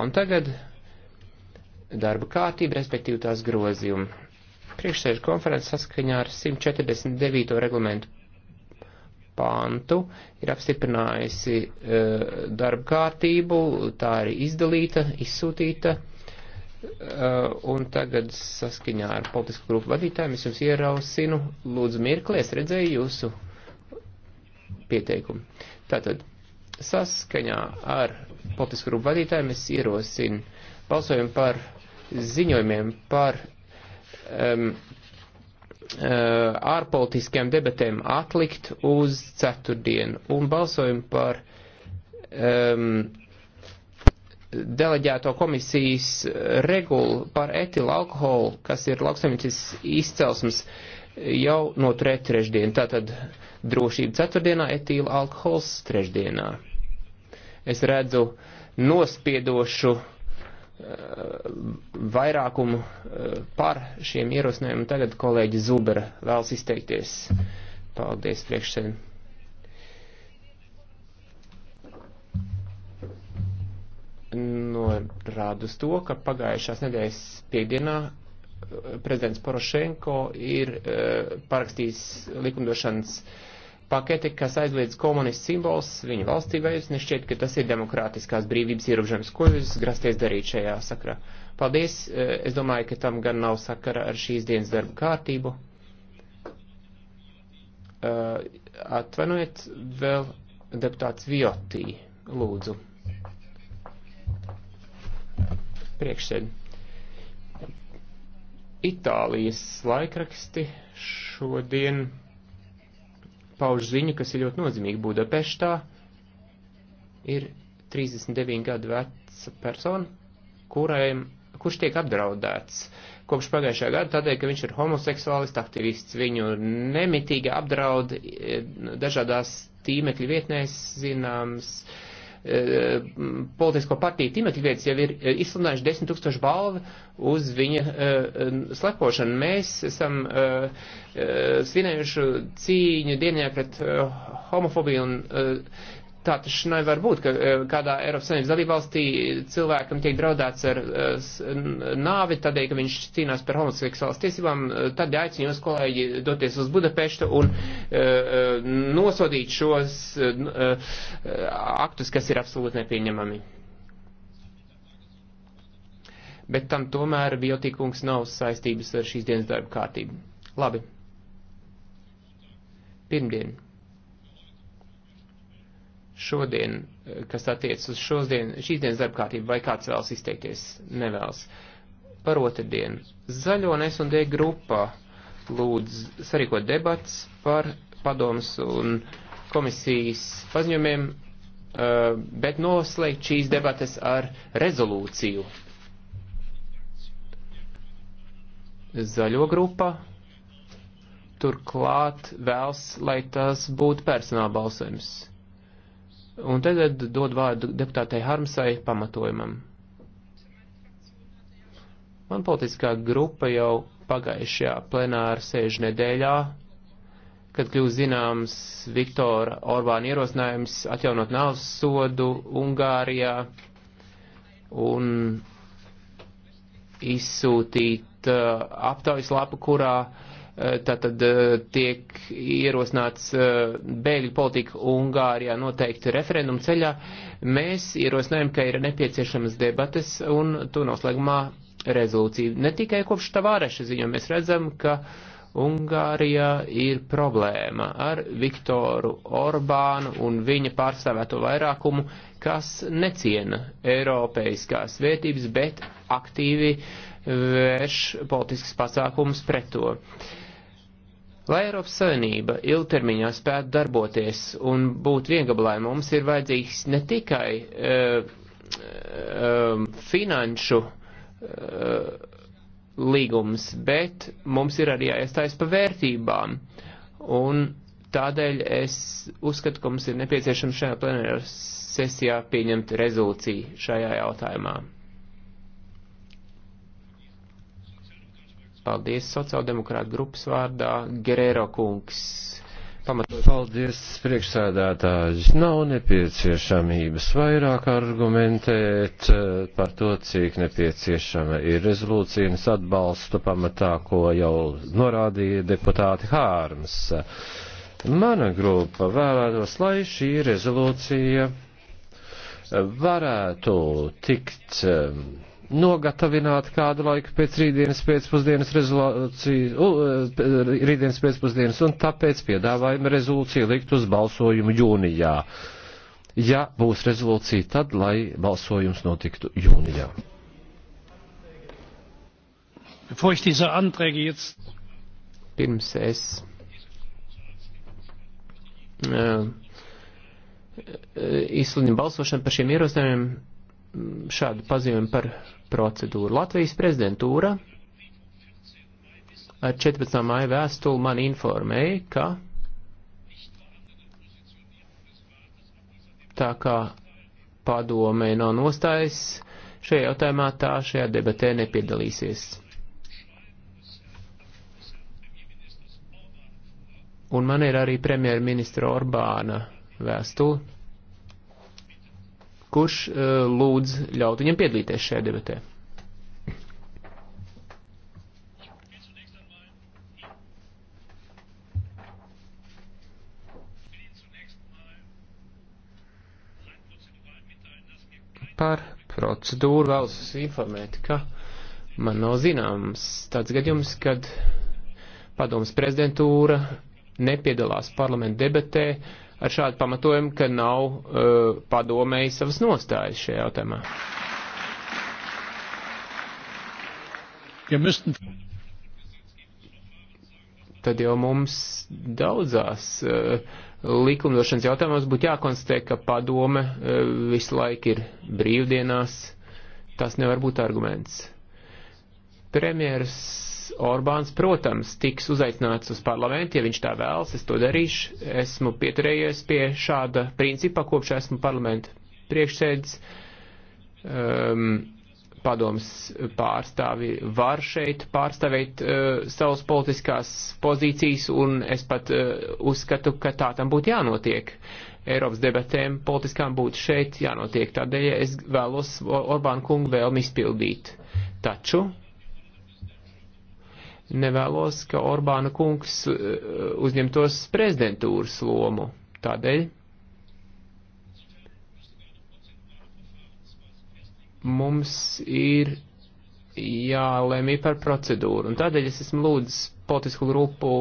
Un tagad darba kārtība, respektīvi tās grozījumi. Priekšsēžu konferences saskaņā ar 149. reglamentu pantu ir apstiprinājusi e, darba kārtību, tā ir izdalīta, izsūtīta, e, un tagad saskaņā ar politisku grupu vadītājiem es jums ierausinu, lūdzu mirkli, es redzēju jūsu pieteikumu. Tātad saskaņā ar politisku grupu vadītājiem es ierosinu balsojumu par ziņojumiem par um, uh, ārpolitiskajām debatēm atlikt uz ceturtdienu un balsojumu par um, deleģēto komisijas regulu par etilu alkoholu, kas ir lauksaimniecības izcelsmes, jau noturēt trešdien. Tātad drošība ceturtdienā, etīla alkohols trešdienā es redzu nospiedošu eh, vairākumu eh, par šiem ierosinājumiem. Tagad kolēģi Zubera vēlas izteikties. Paldies priekšsēdēm. Norādu uz to, ka pagājušās nedēļas piekdienā eh, prezidents Porošenko ir parakstījis likumdošanas uh, pakete, kas aizliedz komunistu simbols viņa valstī, vai jūs nešķiet, ka tas ir demokrātiskās brīvības ierobežojums? Ko jūs grasties darīt šajā sakrā? Paldies, eh, es domāju, ka tam gan nav sakara ar šīs dienas darba kārtību. Eh, atvainojiet, vēl deputāts Viotī, lūdzu. Priekšsēd. Itālijas laikraksti šodien pauž ziņu, kas ir ļoti nozīmīga Budapeštā. Ir 39 gadu veca persona, kurajam, kurš tiek apdraudēts kopš pagājušā gada tādēļ, ka viņš ir homoseksuālists, aktivists. Viņu nemitīgi apdraud e, dažādās tīmekļa vietnēs zināms Eh, politisko partiju Timothyvietis jau ir eh, izsludinājuši 10 tūkstošu balvu uz viņa eh, slepošanu. Mēs esam svinējuši cīņu dienā pret homofobiju un Tā taču nevar būt, ka eh, kādā Eiropas Savienības dalībvalstī cilvēkam tiek draudēts ar eh, nāvi, tādēļ, ka viņš cīnās par homoseksuālas tiesībām. Tad aicinu jūs, kolēģi, doties uz Budapeštu un uh, nosodīt šos uh, aktus, kas ir absolūti nepieņemami. Bet tam tomēr biotīkums nav saistības ar šīs dienas darba kārtību. Labi. Pirmdien šodien, eh, kas attiec uz šodien, šīsdienas darbkārtību, vai kāds vēlas izteikties, nevēlas. Par otrdienu. Zaļo un S&D grupa lūdz sarīkot debats par padomus un komisijas paziņojumiem, eh, bet noslēgt šīs debates ar rezolūciju. Zaļo grupa turklāt vēls, lai tas būtu personāla balsojums. Un tagad dod vārdu deputātei Harmsai pamatojumam. Man politiskā grupa jau pagājušajā plenāra sēžu nedēļā, kad kļūst zināms Viktora Orbāna ierosinājums atjaunot nāvs sodu Ungārijā un izsūtīt uh, aptaujas lapu, kurā uh, Eh, tātad eh, tiek ierosināts eh, bēgļu politika Ungārijā noteikti referendumu ceļā. Mēs ierosinājam, ka ir nepieciešamas debates un to noslēgumā rezolūcija. Ne tikai kopš Tavāreša ziņo mēs redzam, ka Ungārijā ir problēma ar Viktoru Orbānu un viņa pārstāvēto vairākumu, kas neciena eiropeiskās vērtības, bet aktīvi vērš politisks pasākums pret to. Uh, Lai Eiropas Savienība ilgtermiņā spētu darboties un būt viengabalai, mums ir vajadzīgs ne tikai uh, uh, finanšu uh, līgums, bet mums ir arī jāiestājas pa vērtībām. Un tādēļ es uzskatu, ka mums ir nepieciešams šajā plenārā sesijā pieņemt rezolūciju šajā jautājumā. Paldies sociāldemokrāta grupas vārdā, Gerēro kungs. Pamatot. Paldies, priekšsēdētāji. Nav nepieciešamības vairāk argumentēt eh, par to, cik nepieciešama ir rezolūcijas atbalsta pamatā, ko jau norādīja deputāti Hārms. Mana grupa vēlētos, lai šī rezolūcija varētu tikt ehm, nogatavināt kādu laiku pēc rītdienas pēcpusdienas rezolūcijas, uh, e, rītdienas pēcpusdienas, un tāpēc piedāvājam rezolūciju likt uz balsojumu jūnijā. Ja būs rezolūcija, tad lai balsojums notiktu jūnijā. Pirms es uh, izsludinu balsošanu par šiem ierosinājumiem, šādu paziņojumu par procedūru. Latvijas prezidentūra ar 14. māja vēstuli man informēja, ka tā kā padomē nav nostājas šajā jautājumā, tā šajā debatē nepiedalīsies. Un man ir arī premjerministra Orbāna vēstule, kurš uh, lūdz ļaut viņam piedalīties šajā debatē. Par procedūru vēlas jūs informēt, ka man nav zināms tāds gadījums, kad padomas prezidentūra nepiedalās parlamentu debatē, uh, ar šādu pamatojumu, ka nav uh, padomēji savas nostājas šajā jautājumā. Ja müssten... Tad jau mums daudzās uh, likumdošanas jautājumos būtu jākonstatē, ka padome uh, visu laiku ir brīvdienās. Tas nevar būt arguments. Premjeras Orbāns, protams, tiks uzaicināts uz parlamentu, ja viņš tā vēlas, es to darīšu. Esmu pieturējies pie šāda principa, kopš esmu parlamenta priekšsēdis. Um, ehm, padoms pārstāvi var šeit pārstāvēt uh, savas politiskās pozīcijas, un es pat uh, uzskatu, ka tā tam būtu jānotiek. Eiropas debatēm politiskām būtu šeit jānotiek, tādēļ es vēlos Orbānu kungu vēlmi izpildīt. Taču nevēlos, ka Orbāna kungs e, uzņemtos prezidentūras lomu. Tādēļ mums ir jālēmī par procedūru. Un tādēļ es esmu lūdzis politisku grupu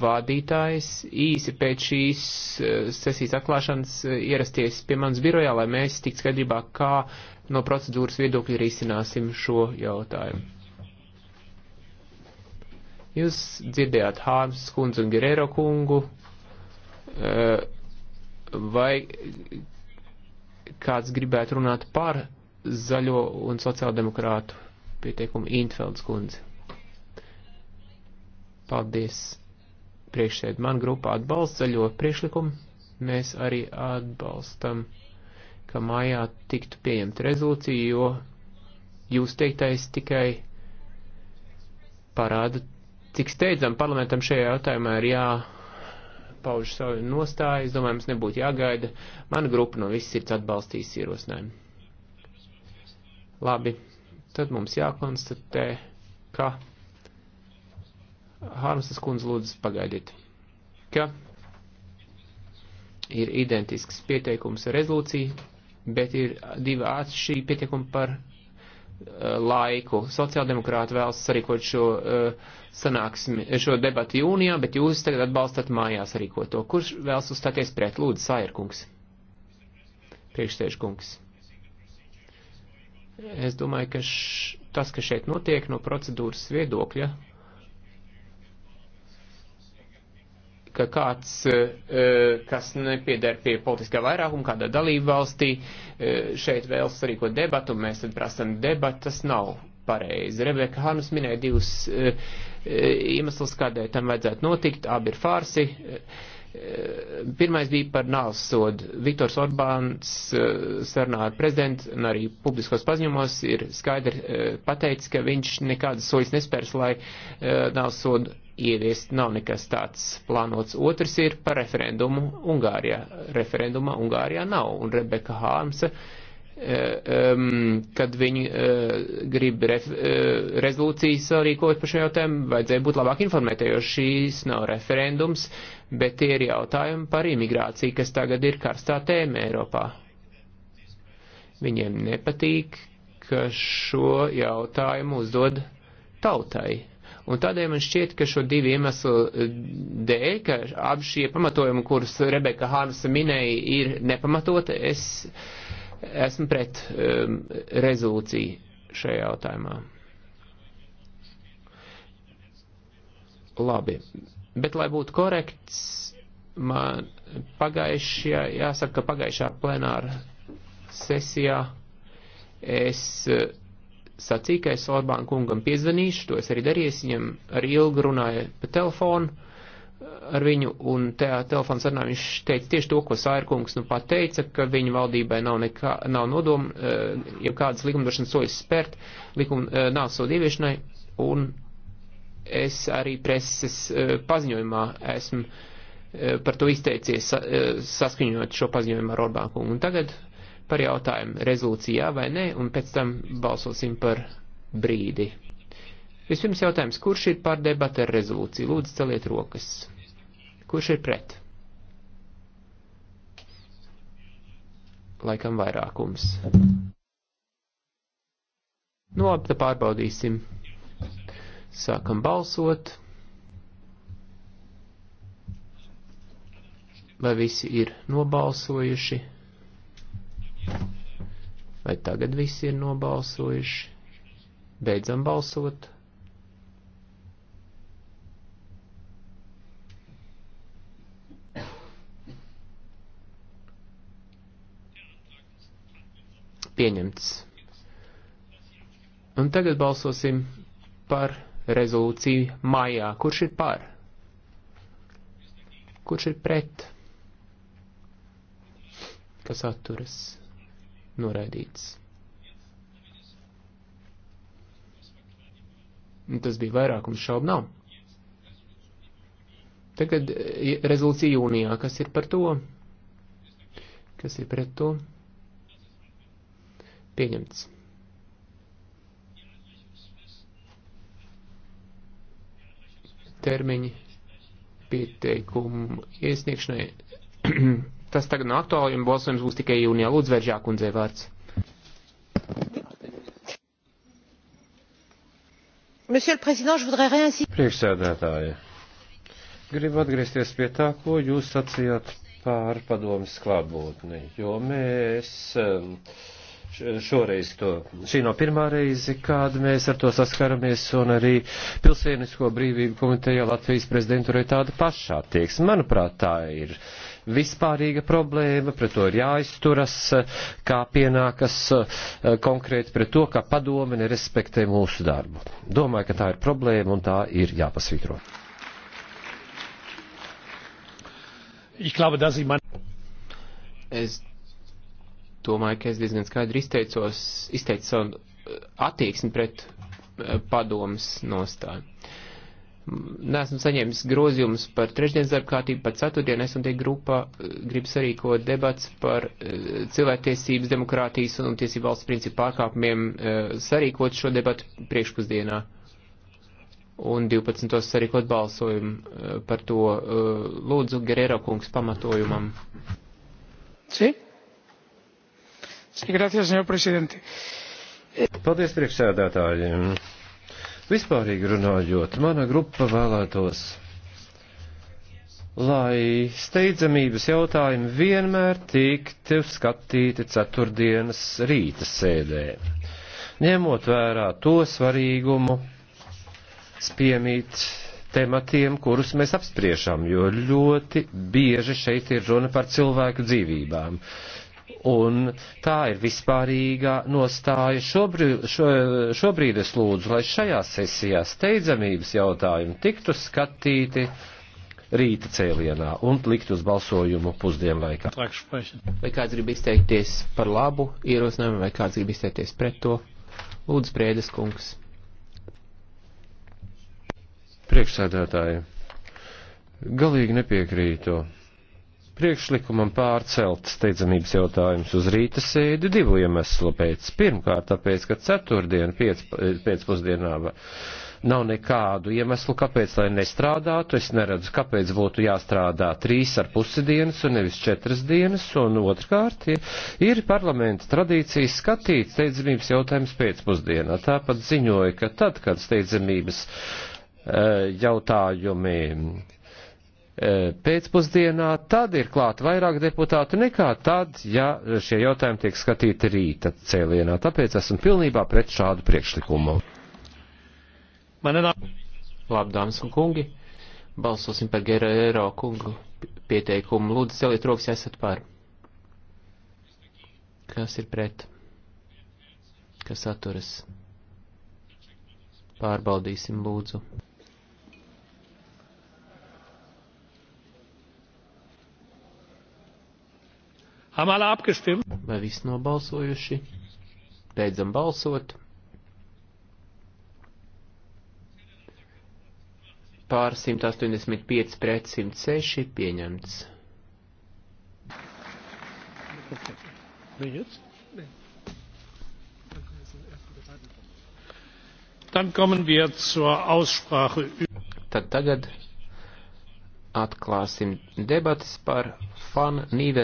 vadītājs īsi pēc šīs e, sesijas atklāšanas e, ierasties pie manas birojā, lai mēs tik skaidrībā, kā no procedūras viedokļa risināsim šo jautājumu. Jūs dzirdējāt Hāms kundzu un Gerero kungu, eh, vai kāds gribētu runāt par zaļo un sociāldemokrātu pieteikumu Intfelds kundzi? Paldies. Priekšsēd man grupa atbalsta zaļo priekšlikumu. Mēs arī atbalstam, ka mājā tiktu pieņemta rezolūcija, jo jūs teiktais tikai parāda cik steidzam parlamentam šajā jautājumā ir jāpauž savu nostāju. Es domāju, mums nebūtu jāgaida. Mana grupa no visas sirds atbalstīs ierosinājumu. Labi, tad mums jākonstatē, ka Hārmsas kundze lūdzu pagaidiet, ka ir identisks pieteikums rezolūcija, bet ir divi atšķirīgi pieteikumi par Eh, laiku. Sociāldemokrāti vēlas sarīkot šo, eh, sanāksmi, šo debatu jūnijā, bet jūs tagad atbalstat mājās rīkot to. Kurš vēlas uzstāties pret? Lūdzu, Sājerkungs. Priekšsēžkungs. Es domāju, ka š, tas, kas šeit notiek no procedūras viedokļa, ka kāds, e, e, kas nepiedara pie politiskā vairākuma kādā dalību valstī, e, šeit vēlas sarīkot debatu, un mēs tad prasam debatu, tas nav pareizi. Rebeka Hānus minēja divus iemeslus, kādēļ tam vajadzētu notikt, abi ir farsi. Pirmais bija par nāvs sodu. Viktors Orbāns sarunā ar prezidentu un arī publiskos paziņumos ir skaidri pateicis, ka viņš nekādas soļas nespērs, lai nāvs sodu ieviest nav nekas tāds plānots. Otrs ir par referendumu Ungārijā. Referenduma Ungārijā nav, un Rebeka Hārmsa, um, kad viņi uh, grib ref, uh, rezolūcijas rīkot par šo jautājumu, vajadzēja būt labāk informētai, jo šīs nav referendums, bet tie ir jautājumi par imigrāciju, kas tagad ir karstā tēma Eiropā. Viņiem nepatīk, ka šo jautājumu uzdod tautai Un tādēļ man šķiet, ka šo divu iemeslu eh, dēļ, ka abi šie pamatojumi, kurus Rebeka Hārnsa minēja, ir nepamatoti, es esmu pret um, rezolūciju šajā jautājumā. Labi, bet lai būtu korekts, man pagājušajā, jāsaka, ka pagājušā plenāra sesijā es uh, sacīja, ka es Orbán kungam piezvanīšu, to es arī darīju, es viņam arī ilgi runāju pa telefonu eh, ar viņu, un tajā telefonu sarunā viņš teica tieši to, ko Sārkungs nu pat teica, ka viņa valdībai nav, nekā, nav nodoma, uh, eh, ja kādas likumdošanas soļas spērt, likuma uh, eh, nav sodu ieviešanai, un es arī preses uh, paziņojumā esmu par to izteicies saskaņot šo paziņojumu ar Orbānu. Un tagad par jautājumu rezolūcijā vai nē, un pēc tam balsosim par brīdi. Vispirms jautājums, kurš ir par debatu ar rezolūciju? Lūdzu, celiet rokas. Kurš ir pret? Laikam vairākums. Nu, labi, tad pārbaudīsim. Sākam balsot. Vai visi ir nobalsojuši? Vai tagad visi ir nobalsojuši? Beidzam balsot. Pieņemts. Un tagad balsosim par rezolūciju mājā. Kurš ir par? Kurš ir pret? Kas atturas? noraidīts. Tas bija vairākums šaubu nav. Tagad eh, rezolūcija jūnijā, kas ir par to, kas ir pret to, pieņemts. Termiņi pieteikumu iesniegšanai Tas tagad nav aktuāli, un balsojums būs tikai jūnijā. Lūdzu, veržā kundzē vārds. Priekšsēdētāji, gribu atgriezties pie tā, ko jūs sacījāt par padomas klātbūtni, jo mēs. Um, šoreiz to. Šī nav no pirmā reize, kad mēs ar to saskaramies, un arī Pilsēnisko brīvību komiteja Latvijas prezidentūrai tāda pašā tieks. Manuprāt, tā ir vispārīga problēma, pret to ir jāizturas, kā pienākas eh, konkrēti pret to, ka padome nerespektē mūsu darbu. Domāju, ka tā ir problēma un tā ir jāpasvītro. Ich glaube, dass ich mein es domāju, ka es diezgan skaidri izteicos, izteicu savu eh, attieksmi pret eh, padomas nostāju. Uh, Nesmu saņēmis grozījumus par trešdienas darba kārtību, par ceturtdienu esmu tie grupā, grib sarīkot debats par eh, cilvēktiesības, demokrātijas un tiesību valsts principu pārkāpumiem, eh, sarīkot šo debatu priekšpusdienā. Un 12. sarīkot balsojumu eh, par to lūdzu Gerero kungs pamatojumam. Sí? Sí, gracias, señor presidente. Paldies, priekšsēdētāji. Vispārīgi runājot, mana grupa vēlētos, lai steidzamības jautājumi vienmēr tiktu skatīti ceturtdienas rīta sēdē, ņemot vērā to svarīgumu spiemīt tematiem, kurus mēs apspriešam, jo ļoti bieži šeit ir runa par cilvēku dzīvībām un tā ir vispārīgā nostāja. Šobrīd, šo, šobrīd es lūdzu, lai šajā sesijā steidzamības jautājumi tiktu skatīti rīta cēlienā un likt uz balsojumu pusdienlaikā. Vai kāds grib izteikties par labu ierosinājumu, vai kāds grib izteikties pret to? Lūdzu, Prēdes kungs. Priekšsēdētāji, galīgi nepiekrītu priekšlikumam pārcelt steidzamības jautājumus uz rīta sēdi divu iemeslu pēc. Pirmkārt, tāpēc, ka ceturtdien piec, pēcpusdienā nav nekādu iemeslu, kāpēc, lai nestrādātu. Es neredzu, kāpēc būtu jāstrādā trīs ar pusi dienas un nevis četras dienas. Un otrkārt, ir, ir parlamenta tradīcija skatīt steidzamības jautājumus pēcpusdienā. Tāpat ziņoja, ka tad, kad steidzamības eh, jautājumi E, pēcpusdienā, tad ir klāt vairāk deputātu nekā tad, ja šie jautājumi tiek skatīti rīta cēlienā. Tāpēc esmu pilnībā pret šādu priekšlikumu. Manā Labi, dāmas un kungi, balsosim par Gerēro kungu pieteikumu. Lūdzu, celiet rokas, ja esat par. Kas ir pret? Kas atturas? Pārbaudīsim, lūdzu. Haben alle abgestimmt? Vai viss nobalsojuši? Beidzam balsot. Pār 185 pret 106 pieņemts. Dann kommen wir zur Aussprache. Tad tagad atklāsim debatas par Fan Nīden.